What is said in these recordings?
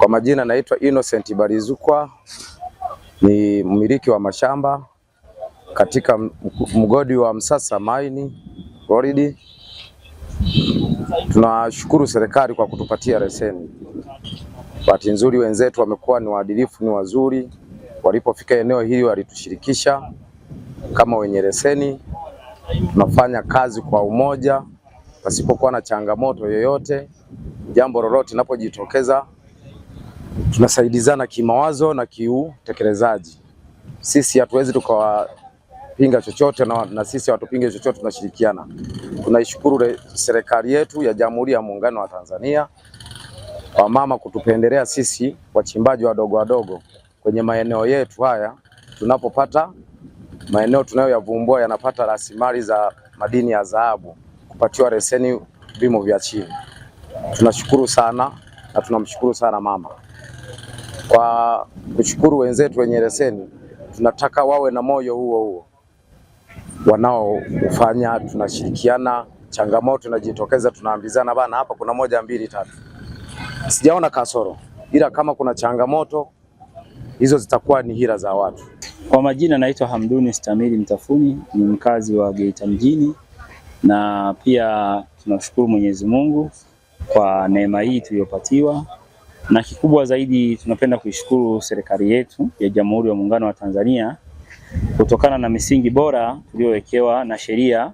Kwa majina naitwa Innocent Barizukwa, ni mmiliki wa mashamba katika mgodi wa Msasa Mine Gold. Tunashukuru serikali kwa kutupatia leseni. Bahati nzuri wenzetu wamekuwa ni waadilifu, ni wazuri. Walipofika eneo hili walitushirikisha kama wenye leseni. Tunafanya kazi kwa umoja pasipokuwa na changamoto yoyote. Jambo lolote linapojitokeza tunasaidizana kimawazo na kiutekelezaji. Sisi hatuwezi tukawapinga chochote na, na sisi hawatupinge chochote, tunashirikiana. Tunaishukuru serikali yetu ya Jamhuri ya Muungano wa Tanzania kwa mama kutupendelea sisi wachimbaji wadogo wadogo kwenye maeneo yetu haya. Tunapopata maeneo tunayoyavumbua yanapata rasilimali za madini ya dhahabu, kupatiwa leseni vimo vya chini. Tunashukuru sana na tunamshukuru sana mama. Kwa kushukuru wenzetu wenye leseni, tunataka wawe na moyo huo huo wanaofanya. Tunashirikiana, changamoto inajitokeza, tunaambizana bana, hapa kuna moja mbili tatu. Sijaona kasoro, ila kama kuna changamoto hizo zitakuwa ni hila za watu. Kwa majina naitwa Hamduni Stamili Mtafuni, ni mkazi wa Geita mjini, na pia tunashukuru Mwenyezi Mungu kwa neema hii tuliyopatiwa na kikubwa zaidi tunapenda kuishukuru serikali yetu ya Jamhuri ya Muungano wa Tanzania kutokana na misingi bora tuliyowekewa na sheria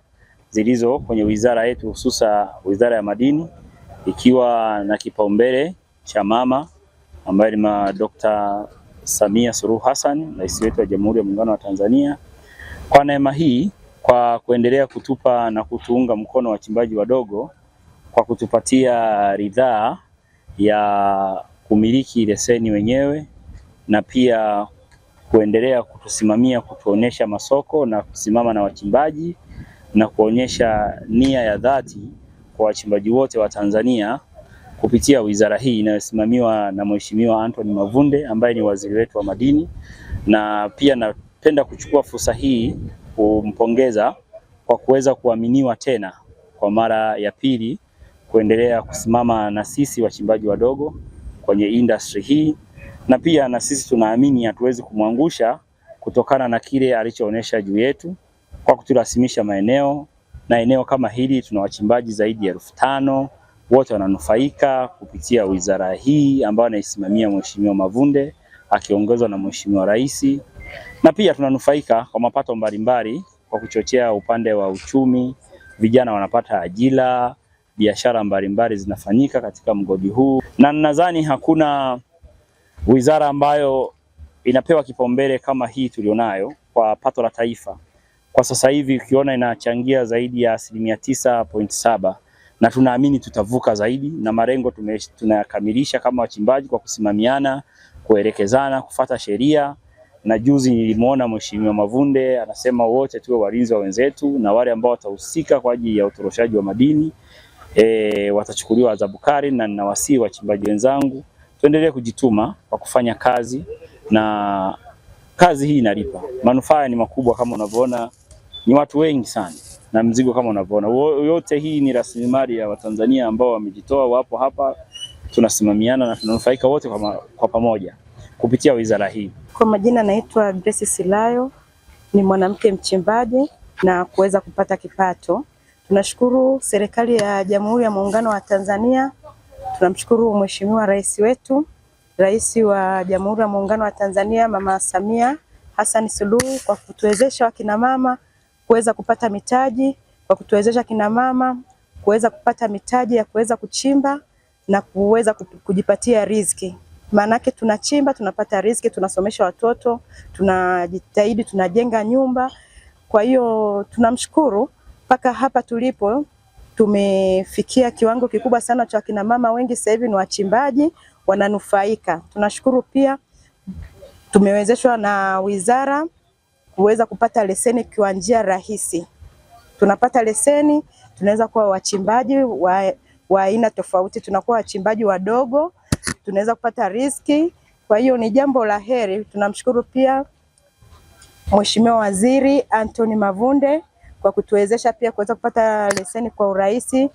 zilizo kwenye wizara yetu, hususa Wizara ya Madini ikiwa na kipaumbele cha mama ambaye ni Dr. Samia Suluhu Hassan, rais wetu wa Jamhuri ya Muungano wa Tanzania, kwa neema hii, kwa kuendelea kutupa na kutuunga mkono wachimbaji wadogo kwa kutupatia ridhaa ya kumiliki leseni wenyewe na pia kuendelea kutusimamia, kutuonyesha masoko na kusimama na wachimbaji na kuonyesha nia ya dhati kwa wachimbaji wote wa Tanzania kupitia wizara hii inayosimamiwa na Mheshimiwa Anthony Mavunde ambaye ni waziri wetu wa madini. Na pia napenda kuchukua fursa hii kumpongeza kwa kuweza kuaminiwa tena kwa mara ya pili kuendelea kusimama na sisi wachimbaji wadogo kwenye industry hii, na pia na sisi tunaamini hatuwezi kumwangusha kutokana na kile alichoonyesha juu yetu kwa kuturasimisha maeneo, na eneo kama hili tuna wachimbaji zaidi ya elfu tano wote wananufaika kupitia wizara hii ambayo anaisimamia Mheshimiwa Mavunde akiongozwa na Mheshimiwa Rais, na pia tunanufaika kwa mapato mbalimbali kwa kuchochea upande wa uchumi, vijana wanapata ajira biashara mbalimbali zinafanyika katika mgodi huu, na nadhani hakuna wizara ambayo inapewa kipaumbele kama hii tulionayo kwa pato la taifa. Kwa sasa hivi ukiona inachangia zaidi ya asilimia tisa point saba na tunaamini tutavuka zaidi, na malengo tunayakamilisha kama wachimbaji kwa kusimamiana, kuelekezana, kufata sheria. Na juzi nilimwona Mheshimiwa Mavunde anasema wote tuwe walinzi wa wenzetu na wale ambao watahusika kwa ajili ya utoroshaji wa madini e, watachukuliwa adhabu kali, na ninawasihi wachimbaji wenzangu tuendelee kujituma kwa kufanya kazi, na kazi hii inalipa. Manufaa ni makubwa kama unavyoona, ni watu wengi sana na mzigo kama unavyoona. Yote hii ni rasilimali ya Watanzania ambao wamejitoa, wapo hapa, tunasimamiana na tunanufaika wote kwa, ma, kwa pamoja kupitia wizara hii. Kwa majina naitwa Grace Silayo, ni mwanamke mchimbaji na kuweza kupata kipato Tunashukuru serikali ya Jamhuri ya Muungano wa Tanzania, tunamshukuru Mheshimiwa Rais wetu, Rais wa Jamhuri ya Muungano wa Tanzania Mama Samia Hassan Suluhu kwa kutuwezesha wakinamama kuweza kupata mitaji, kwa kutuwezesha mama kuweza kupata mitaji ya kuweza kuchimba na kuweza kujipatia riziki. Maanake tunachimba tunapata riziki, tunasomesha watoto, tunajitahidi, tunajenga nyumba. Kwa hiyo tunamshukuru mpaka hapa tulipo tumefikia kiwango kikubwa sana cha kina mama wengi sasa hivi ni wachimbaji, wananufaika. Tunashukuru pia tumewezeshwa na wizara kuweza kupata leseni kwa njia rahisi. Tunapata leseni, tunaweza kuwa wachimbaji wa aina tofauti, tunakuwa wachimbaji wadogo, tunaweza kupata riski. Kwa hiyo ni jambo la heri. Tunamshukuru pia Mheshimiwa Waziri Anthony Mavunde kwa kutuwezesha pia kuweza kupata leseni kwa urahisi.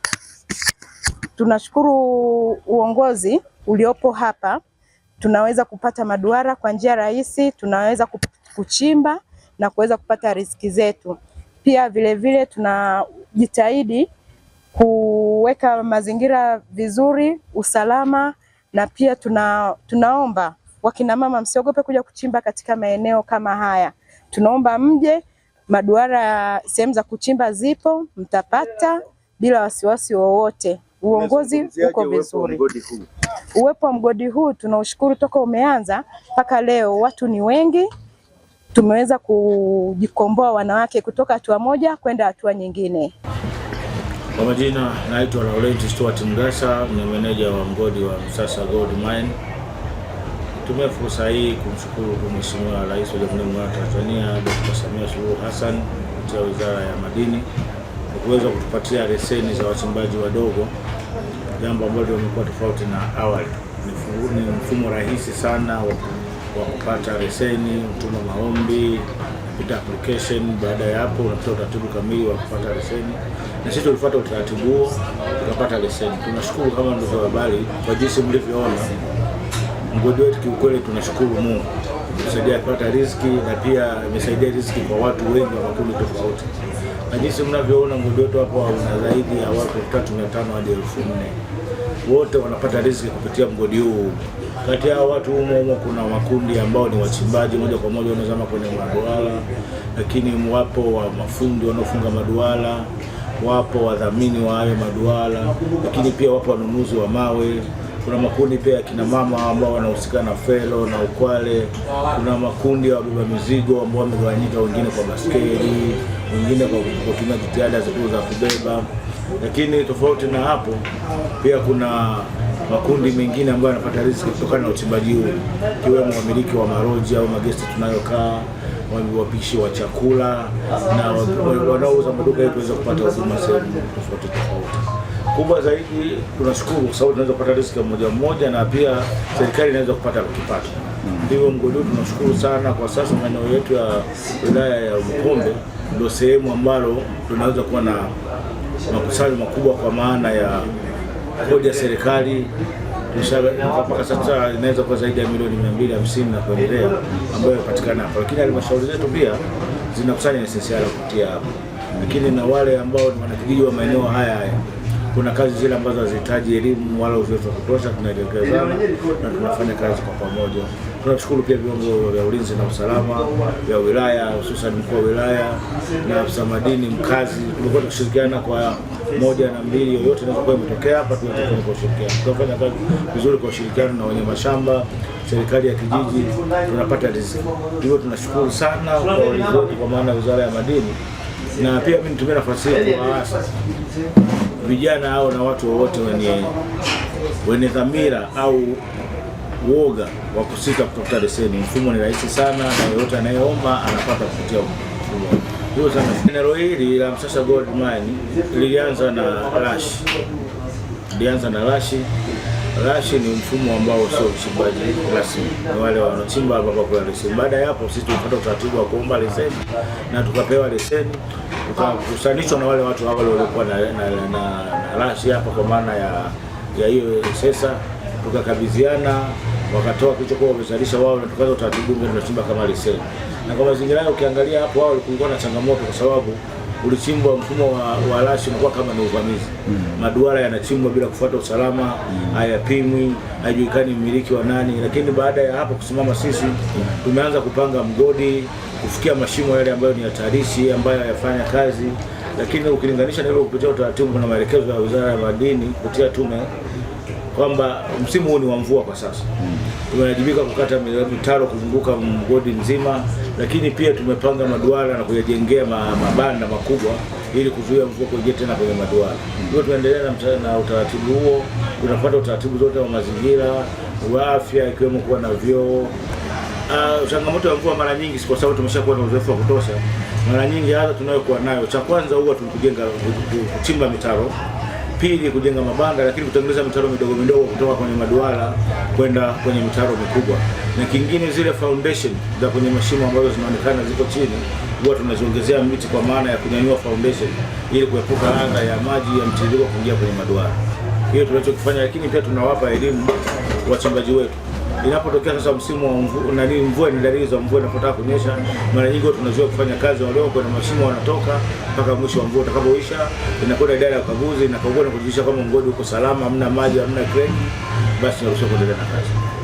Tunashukuru uongozi uliopo hapa, tunaweza kupata maduara kwa njia rahisi, tunaweza kuchimba na kuweza kupata riziki zetu. Pia vilevile tunajitahidi kuweka mazingira vizuri, usalama na pia tuna, tunaomba wakina mama msiogope kuja kuchimba katika maeneo kama haya. Tunaomba mje maduara, sehemu za kuchimba zipo, mtapata bila wasiwasi wowote. Uongozi uko vizuri. Uwepo wa mgodi huu tunaushukuru, toka umeanza mpaka leo watu ni wengi, tumeweza kujikomboa wanawake kutoka hatua moja kwenda hatua nyingine. Kwa majina naitwa Laurent Stuart Mgasa, ni meneja wa mgodi wa Msasa Gold Mine tumia fursa hii kumshukuru Mheshimiwa Rais wa Jamhuri ya Muungano wa Tanzania Dr. Samia Suluhu Hassan kupitia Wizara ya Madini kwa kuweza kutupatia leseni za wachimbaji wadogo, jambo ambalo limekuwa tofauti na awali. Ni mfumo rahisi sana wa kupata leseni, kutuma maombi kupita application. Baada ya hapo, unapata utaratibu kamili wa kupata leseni, na sisi tulifuata utaratibu huo tukapata leseni. Tunashukuru kama ndugu habari kwa jinsi mlivyoona mgodi wetu kiukweli, tunashukuru Mungu tusaidia kupata riziki na pia imesaidia riziki kwa watu wengi wa makundi tofauti, na jinsi mnavyoona mgodi wetu hapo una zaidi ya watu elfu tatu mia tano hadi elfu nne wote wanapata riziki kupitia mgodi huu. Kati ya watu humo humo kuna makundi ambao ni wachimbaji moja kwa moja wanazama kwenye maduara, lakini wapo wa mafundi wanaofunga maduara, wapo wadhamini wa hayo maduara, lakini pia wapo wanunuzi wa mawe kuna makundi pia ya kina mama ambao wanahusika na felo na ukwale. Kuna makundi ya wabeba mizigo ambao wamegawanyika, wengine kwa baskeli, wengine kwa kutumia jitihada za kubeba. Lakini tofauti na hapo, pia kuna makundi mengine ambayo yanapata riziki kutokana na uchimbaji huu, ikiwemo wamiliki wa maroji au magesti tunayokaa wapishi wa chakula na wanaouza maduka ili kuweza kupata huduma sehemu tofauti tofauti kubwa zaidi tunashukuru kwa sababu tunaweza kupata riziki moja moja, na pia serikali inaweza kupata kipato. Mm. Hivyo mgodi tunashukuru sana. Kwa sasa maeneo yetu ya wilaya ya Bukombe ndio sehemu ambalo tunaweza kuwa na makusanyo makubwa kwa maana ya kodi ya serikali mpaka sasa inaweza kuwa zaidi ya milioni mia mbili hamsini na kuendelea ambayo inapatikana hapa, lakini halmashauri zetu pia zinakusanya SSR kupitia hapo, lakini na wale ambao ni wanakijiji wa maeneo haya haya kuna kazi zile ambazo hazihitaji elimu wala uzoefu wa kutosha, tunaelekezana na tunafanya kazi kwa pamoja. Tunashukuru pia vyombo vya ulinzi na usalama vya wilaya, hususan mkuu wa wilaya na afisa madini mkazi. Tumekuwa tukishirikiana kwa moja na mbili, yoyote inayokuwa imetokea hapa tunafanya kwa ushirikiano, tunafanya kazi vizuri kwa ushirikiano na wenye mashamba, serikali ya kijiji, tunapata riziki. Hivyo tunashukuru sana kwa walinzi wetu, kwa maana wizara ya madini, na pia mimi nitumie nafasi hii kuwaasa vijana au na watu wowote wenye wenye dhamira au uoga wa kusika kutafuta leseni. Mfumo ni rahisi sana na yeyote anayeomba anapata kupitia mfumo huo. Sana eneo hili la Msasa Gold Mine lilianza na rashi, lilianza na rashi. Rashi ni mfumo ambao sio uchimbaji rasmi, ni wale wanachimba hapa kwa leseni. Baada ya hapo, sisi tulipata utaratibu wa kuomba leseni na tukapewa leseni kusanishwa na wale watu wale waliokuwa na, na, na, na rashi hapa kwa maana ya hiyo sesa, tukakabidhiana wakatoa kilichokuwa wamezalisha wao na tukaanza utaratibu mpya tunachimba kama leseni. Na kwa mazingira hayo ukiangalia hapo wao walikuwa na changamoto kwa sababu ulichimbwa mfumo wa, wa rashi unakuwa kama ni uvamizi. Mm. Maduara yanachimbwa bila kufuata usalama, mm. hayapimwi, mm. haijulikani mmiliki wa nani, lakini baada ya hapo kusimama sisi mm. tumeanza kupanga mgodi kufikia mashimo yale ambayo ni hatarishi ambayo hayafanya kazi, lakini ukilinganisha na hilo, kupitia utaratibu na maelekezo ya Wizara ya Madini kupitia tume kwamba msimu huu ni wa mvua kwa sasa, hmm. tumewajibika kukata mitaro kuzunguka mgodi mzima, lakini pia tumepanga maduara na kuyajengea mabanda makubwa ili kuzuia mvua kuingia tena kwenye maduara. Hiyo tunaendelea na utaratibu huo, tunafuata utaratibu zote wa mazingira, wa afya, ikiwemo kuwa na vyoo Uh, changamoto ya mvua mara nyingi, kwa sababu tumeshakuwa na uzoefu wa kutosha, mara nyingi hata tunayokuwa nayo, cha kwanza huwa tunajenga kuchimba mitaro, pili kujenga mabanda, lakini kutengeneza mitaro midogo midogo kutoka kwenye maduara kwenda kwenye mitaro mikubwa, na kingine zile foundation za kwenye mashimo ambazo zinaonekana ziko chini huwa tunaziongezea miti kwa maana ya kunyanyua foundation ili kuepuka anga ya maji ya mtiririko kuingia kwenye maduara. Hiyo tunachokifanya, lakini pia tunawapa elimu wachimbaji wetu inapotokea sasa msimu wa nani mvua ni dalili za mvua inapotaka kunyesha, mara nyingi tunazoea kufanya kazi wadogo na mashimo wanatoka mpaka mwisho wa mvua utakapoisha, inakwenda idara ya ukaguzi kaguzi na kujulisha kama mgodi uko salama, hamna maji, hamna kreni basi tunaruhusiwa kuendelea na kazi.